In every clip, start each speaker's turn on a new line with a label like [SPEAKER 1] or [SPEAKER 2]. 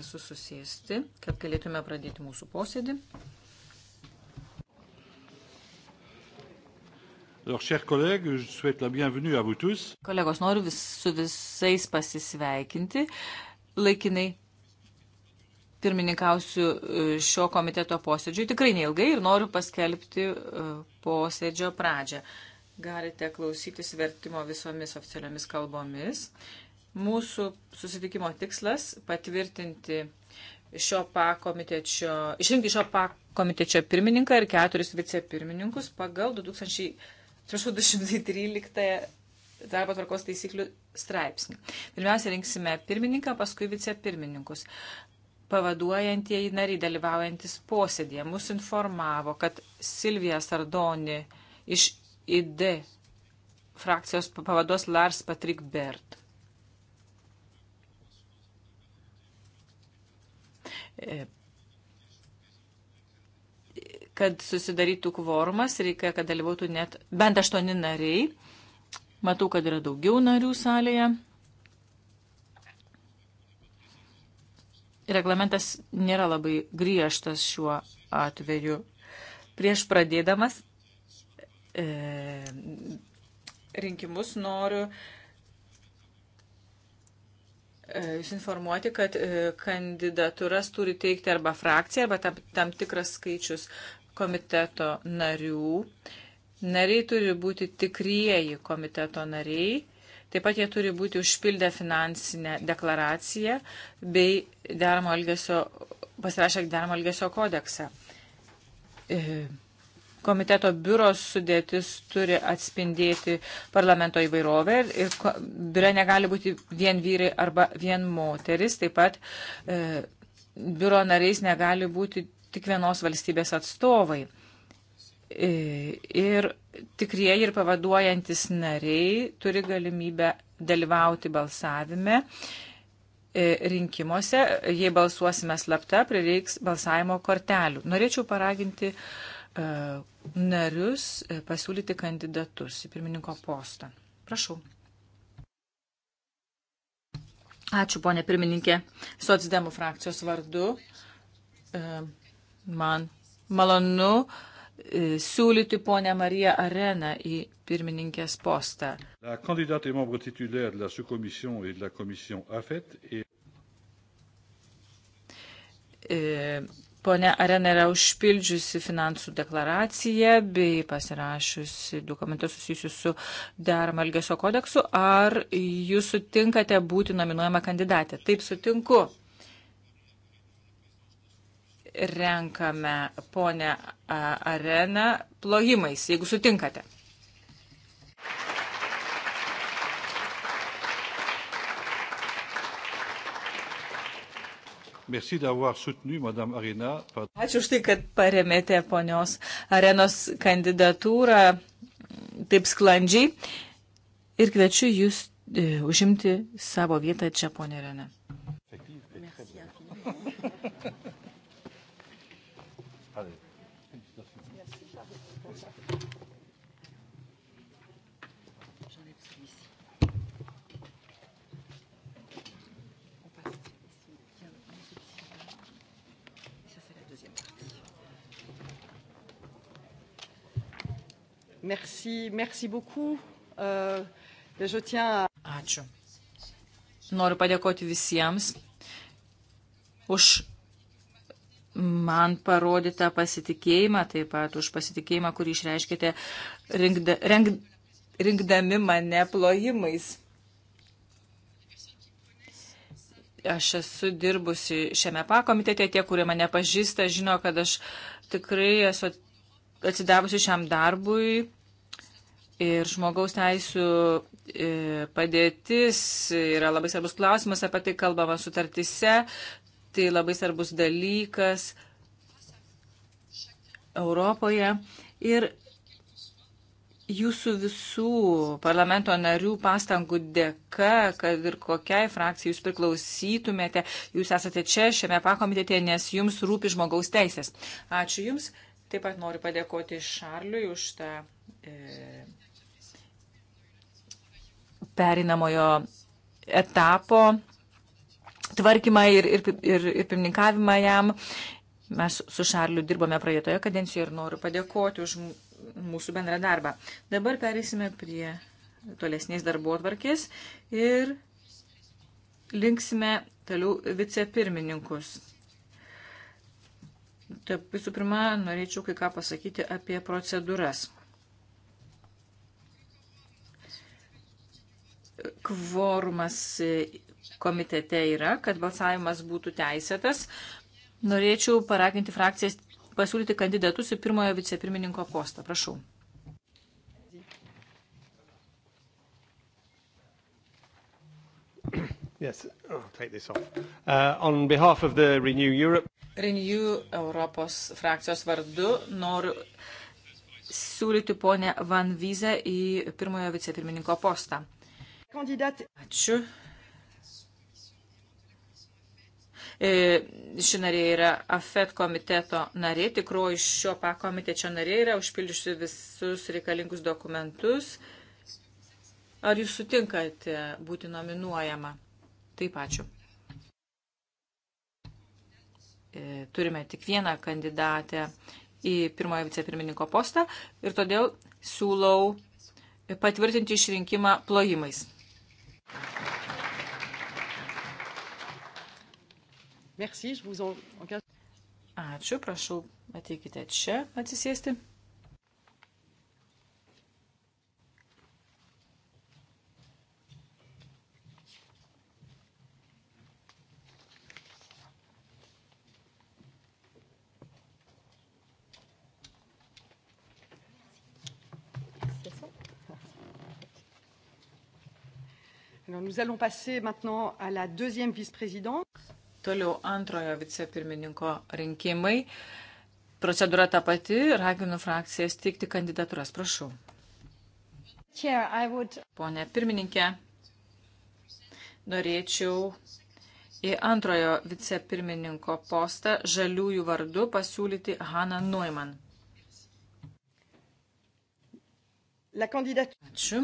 [SPEAKER 1] visus susėsti, kad galėtume pradėti mūsų posėdį. Alors, chers collègues, je souhaite la bienvenue à vous tous. Kolegos, noriu vis, su visais pasisveikinti. Laikinai pirmininkausiu e, šio komiteto posėdžiui tikrai neilgai ir noriu paskelbti e, posėdžio pradžią. Galite klausytis vertimo visomis oficialiomis kalbomis Mūsų susitikimo tikslas patvirtinti šio pakomitečio, išrinkti šio pakomitečio pirmininką ir keturis vicepirmininkus pagal 2000, 213 darbo tvarkos taisyklių straipsnį. Pirmiausia, rinksime pirmininką, paskui vicepirmininkus. Pavaduojantieji nariai dalyvaujantis posėdėje mus informavo, kad Silvija Sardoni iš ID frakcijos pavaduos Lars Patrik Bert. E, kad susidarytų kvorumas, reikia, kad dalyvautų net bent aštuoni nariai. Matau, kad yra daugiau narių salėje. Reglamentas nėra labai griežtas šiuo atveju. Prieš pradėdamas e, rinkimus noriu E, jūs informuoti, kad e, kandidatūras turi teikti arba frakcija, arba tam, tam tikras skaičius komiteto narių. Nariai turi būti tikrieji komiteto nariai. Taip pat jie turi būti užpildę finansinę deklaraciją bei deramo elgesio, pasirašę deramo elgesio kodeksą. E Komiteto biuros sudėtis turi atspindėti parlamento įvairovę ir biure negali būti vien vyrai arba vien moteris. Taip pat e, biuro nariais negali būti tik vienos valstybės atstovai. E, ir tikrieji ir pavaduojantis nariai turi galimybę dalyvauti balsavime e, rinkimuose. Jei balsuosime slapta, prireiks balsavimo kortelių. Norėčiau paraginti uh, E, narius e, pasiūlyti kandidatus į pirmininko postą. Prašau. Ačiū, ponė pirmininkė, Sotsdemų frakcijos vardu. E, man malonu siūlyti ponę Mariją Areną į pirmininkės postą. Pone Arena yra užpildžiusi finansų deklaraciją bei pasirašiusi dokumentus susijusius su derama elgesio kodeksu. Ar jūs sutinkate būti nominuojama kandidatė? Taip sutinku. Renkame ponę Areną plojimais, jeigu sutinkate. Ačiū už tai, kad paremėte ponios arenos kandidatūrą taip sklandžiai ir kviečiu jūs e, užimti savo vietą čia, ponė Arena. J'enlève celui-ci. Merci, merci beaucoup. Uh, tiens... Ačiū. Noriu padėkoti visiems už man parodytą pasitikėjimą, taip pat už pasitikėjimą, kurį išreiškite rinkda, renk, rinkdami mane plojimais. Aš esu dirbusi šiame pakomitete, tie, kurie mane pažįsta, žino, kad aš tikrai esu atsidavusi šiam darbui Ir žmogaus teisų e, padėtis yra labai svarbus klausimas, apie tai kalbama sutartise, tai labai svarbus dalykas Europoje. Ir jūsų visų parlamento narių pastangų dėka, kad ir kokiai frakcijai jūs priklausytumėte, jūs esate čia šiame pakomitėte, nes jums rūpi žmogaus teisės. Ačiū Jums. Taip pat noriu padėkoti Šarliui už tą. E, perinamojo etapo tvarkymą ir, ir, ir, ir pirmininkavimą jam. Mes su Šarliu dirbome praeitoje kadencijoje ir noriu padėkoti už mūsų bendrą darbą. Dabar perėsime prie tolesnės darbo atvarkės ir linksime toliau vicepirmininkus. Taip, visų pirma, norėčiau kai ką pasakyti apie procedūras. kvorumas komitete yra, kad balsavimas būtų teisėtas. Norėčiau paraginti frakcijas pasiūlyti kandidatus į pirmojo vicepirmininko postą. Prašau. Yes, I'll oh, take this off. Uh, on behalf of the Renew Europe. Renew Europos frakcijos vardu noriu siūlyti ponę Van Vyzę į pirmojo vicepirmininko postą. Ačiū. E, ši narė yra AFET komiteto narė, tikroji šio pakomitečio narė yra užpildžiusi visus reikalingus dokumentus. Ar jūs sutinkate būti nominuojama? Taip, ačiū. E, turime tik vieną kandidatę į pirmojo vicepirmininko postą ir todėl siūlau patvirtinti išrinkimą plojimais. Merci, je vous en... Ačiū, prašau, ateikite čia atsisėsti. Alors, nous allons passer maintenant à la deuxième vice-présidente. Toliau antrojo vicepirmininko rinkimai. Procedūra ta pati, raginu frakcijas teikti kandidatūras, prašau. Pone pirmininkė, norėčiau į antrojo vicepirmininko postą žaliųjų vardu pasiūlyti Haną Neumann. Ačiū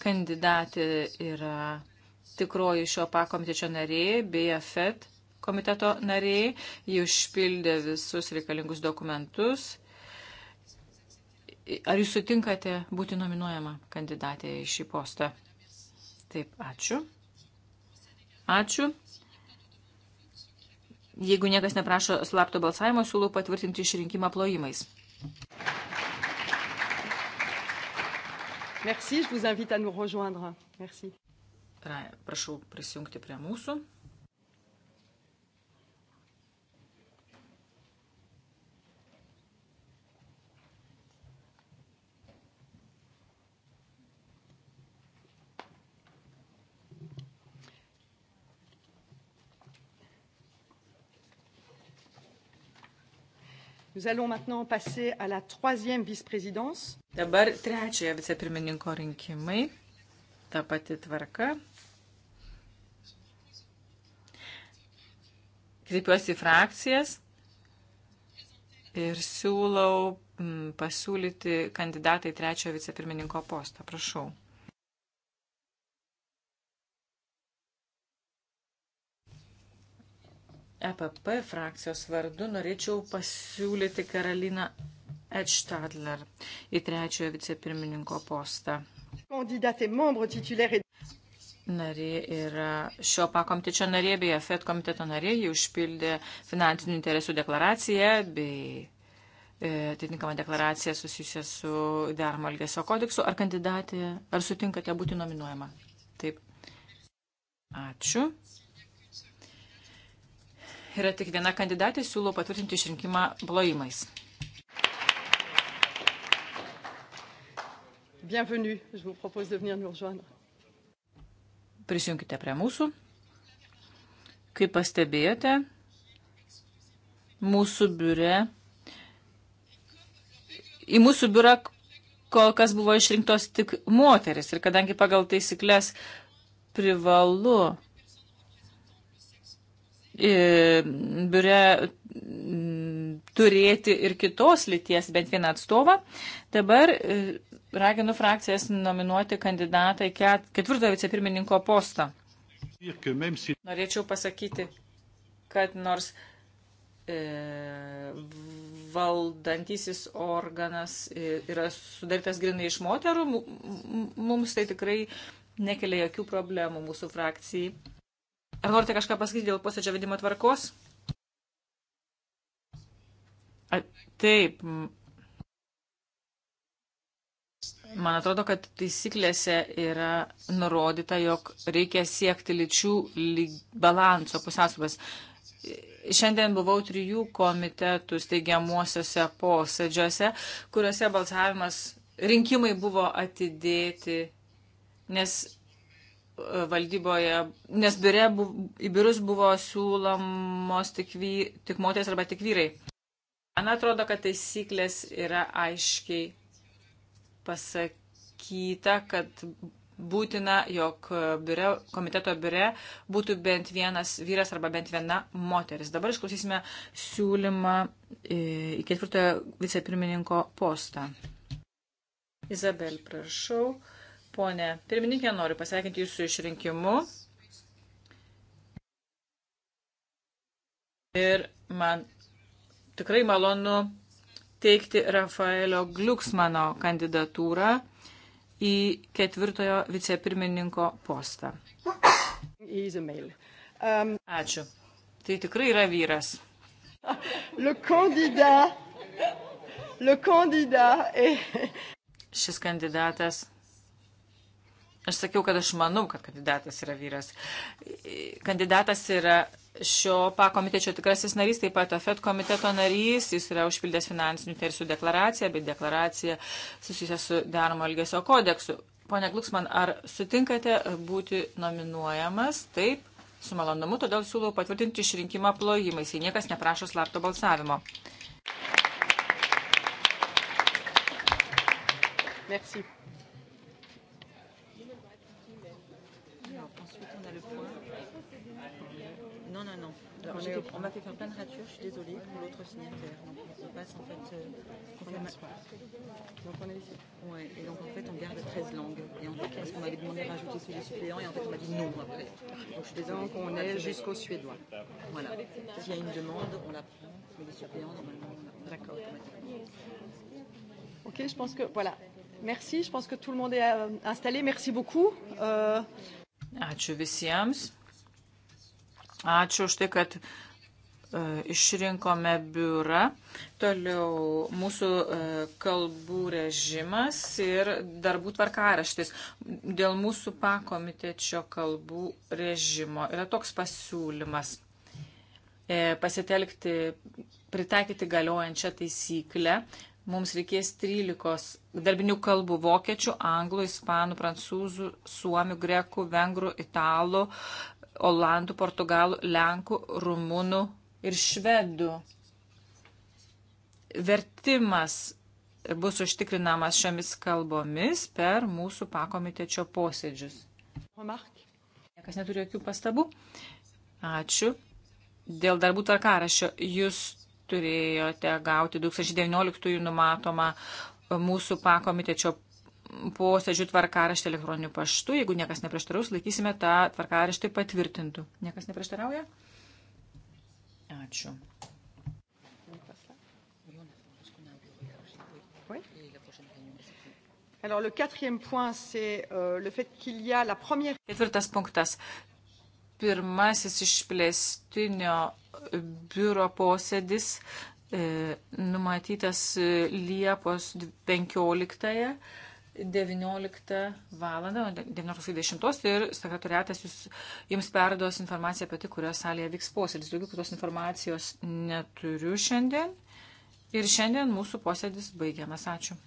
[SPEAKER 1] kandidatė yra tikroji šio pakomitečio narė, beje, FED komiteto narė. Ji užpildė visus reikalingus dokumentus. Ar jūs sutinkate būti nominuojama kandidatė į šį postą? Taip, ačiū. Ačiū. Jeigu niekas neprašo slapto balsavimo, siūlau patvirtinti išrinkimą plojimais. Merci, je vous invite à nous rejoindre. Merci. Prašau prisijungti prie mūsų. Nous allons maintenant passer à la troisième vice-présidence. Dabar trečiojo vicepirmininko rinkimai. Ta pati tvarka. Kreipiuosi į frakcijas ir siūlau mm, pasiūlyti kandidatai trečiojo vicepirmininko postą. Prašau. EPP frakcijos vardu norėčiau pasiūlyti Karoliną Edstadler į trečiojo vicepirmininko postą. Narė yra šio pakomtečio narė, beje, FED komiteto narė, ji užpildė finansinių interesų deklaraciją bei e, atitinkamą deklaraciją susijusią su deramo elgesio kodeksu. Ar kandidatė, ar sutinkate būti nominuojama? Taip. Ačiū. Tai yra tik viena kandidatė, siūlau patvirtinti išrinkimą plojimais. Bienvenue, je vous propose de venir nous rejoindre. Prisijunkite prie mūsų. Kaip pastebėjote, mūsų biure, į mūsų biurą kol kas buvo išrinktos tik moteris ir kadangi pagal taisyklės privalu E, biure mm, turėti ir kitos lyties bent vieną atstovą. Dabar e, raginu frakcijas nominuoti kandidatą į ketvirtojo vicepirmininko postą. Norėčiau pasakyti, kad nors e, valdantysis organas e, yra sudarytas grinai iš moterų, mums tai tikrai nekelia jokių problemų mūsų frakcijai. Ar norite kažką pasakyti dėl posėdžio vedimo tvarkos? A, taip. Man atrodo, kad taisyklėse yra nurodyta, jog reikia siekti lyčių lyg, balanso pusiausvės. Šiandien buvau trijų komitetų steigiamuosiuose posėdžiuose, kuriuose balsavimas rinkimai buvo atidėti, nes valdyboje, nes biure, į biurus buvo siūlomos tik, vy, tik moteris arba tik vyrai. Man atrodo, kad taisyklės yra aiškiai pasakyta, kad būtina, jog biure, komiteto biure būtų bent vienas vyras arba bent viena moteris. Dabar išklausysime siūlymą e, į ketvirtojo vicepirmininko postą. Izabel, prašau. Uh, Pone pirmininkė, noriu pasveikinti jūsų išrinkimu. Ir man tikrai malonu teikti Rafaelio Gliuksmano kandidatūrą į ketvirtojo vicepirmininko postą. Um, Ačiū. Tai tikrai yra vyras. Le candidat. Le candidat est... Šis kandidatas Aš sakiau, kad aš manau, kad kandidatas yra vyras. Kandidatas yra šio pakomitečio tikrasis narys, taip pat AFET komiteto narys, jis yra užpildęs finansinių teisų deklaraciją, bei deklaraciją susijusią su deramo elgesio kodeksu. Pone Gluksman, ar sutinkate būti nominuojamas? Taip, su malonumu, todėl siūlau patvirtinti išrinkimą plojimais, jei niekas neprašo slapto balsavimo. Merci. Non, non, non. Alors, on, est, on m'a fait faire plein de ratures, je suis désolée, pour l'autre signataire. Donc, on passe en fait. Euh, confirma... Donc, on est ici. Ouais, et donc en fait, on garde 13 langues. Et en fait, parce qu'on m'avait demandé de rajouter ceux des suppléants, et en fait, on m'a dit non après. Donc, je suis désolée. Donc, on est jusqu'au suédois. Voilà. S'il y a une demande, on la prend, mais les suppléants, normalement, on D'accord. Ok, je pense que. Voilà. Merci, je pense que tout le monde est euh, installé. Merci beaucoup. Euh... Ačiū visiems. Ačiū už tai, kad e, išrinkome biurą. Toliau mūsų e, kalbų režimas ir darbų tvarkaraštis. Dėl mūsų pakomitečio kalbų režimo yra toks pasiūlymas e, pasitelkti, pritaikyti galiojančią taisyklę. Mums reikės 13 darbinių kalbų - vokiečių, anglų, ispanų, prancūzų, suomių, grekų, vengrų, italų, olandų, portugalų, lenkų, rumunų ir švedų. Vertimas bus užtikrinamas šiomis kalbomis per mūsų pakomitečio posėdžius. Niekas neturi jokių pastabų. Ačiū. Dėl darbų tvarkarašio jūs turėjote gauti 2019 numatomą mūsų pakomitečio posėdžių tvarkaraštį elektroniniu paštu. Jeigu niekas neprieštaraus, laikysime tą tvarkaraštį patvirtintų. Niekas neprieštarauja? Ačiū. Alors, le quatrième point, c'est euh, le fait qu'il y a la première. Ketvirtas punktas. Pirmasis išplėstinio biuro posėdis e, numatytas e, Liepos 15. -ąją. 19 val. 19.10 ir sekretariatas jūs, jums perduos informaciją apie tai, kurioje salėje vyks posėdis. Daugiau kitos informacijos neturiu šiandien. Ir šiandien mūsų posėdis baigiamas. Ačiū.